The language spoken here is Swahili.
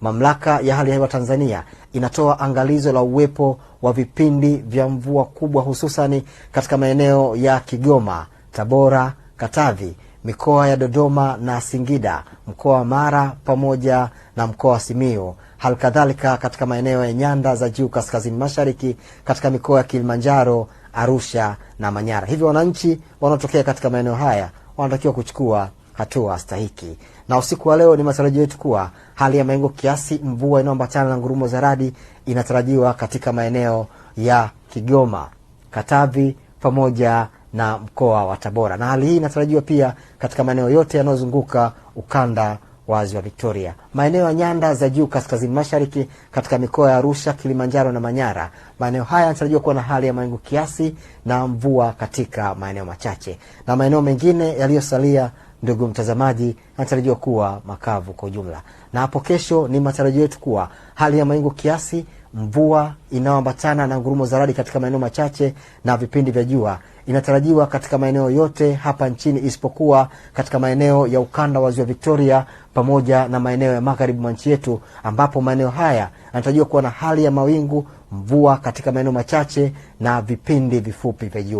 Mamlaka ya hali ya hewa Tanzania inatoa angalizo la uwepo wa vipindi vya mvua kubwa hususani katika maeneo ya Kigoma, Tabora, Katavi, mikoa ya Dodoma na Singida, mkoa wa Mara pamoja na mkoa wa Simiyu, halikadhalika katika maeneo ya nyanda za juu kaskazini mashariki katika mikoa ya Kilimanjaro, Arusha na Manyara. Hivyo wananchi wanaotokea katika maeneo haya wanatakiwa kuchukua hatua stahiki. Na usiku wa leo ni matarajio yetu kuwa hali ya mawingu kiasi, mvua inayoambatana na ngurumo za radi inatarajiwa katika maeneo ya Kigoma, Katavi pamoja na mkoa wa Tabora, na hali hii inatarajiwa pia katika maeneo yote yanayozunguka ukanda wa Ziwa Victoria. Maeneo ya nyanda za juu kaskazini mashariki katika mikoa ya Arusha, Kilimanjaro na Manyara, maeneo haya yanatarajiwa kuwa na hali ya mawingu kiasi na mvua katika maeneo machache, na maeneo mengine yaliyosalia, ndugu mtazamaji, yanatarajiwa kuwa makavu kwa ujumla. Na hapo kesho, ni matarajio yetu kuwa hali ya mawingu kiasi mvua inayoambatana na ngurumo za radi katika maeneo machache na vipindi vya jua inatarajiwa katika maeneo yote hapa nchini isipokuwa katika maeneo ya ukanda wa ziwa Victoria pamoja na maeneo ya magharibi mwa nchi yetu, ambapo maeneo haya yanatarajiwa kuwa na hali ya mawingu, mvua katika maeneo machache na vipindi vifupi vya jua.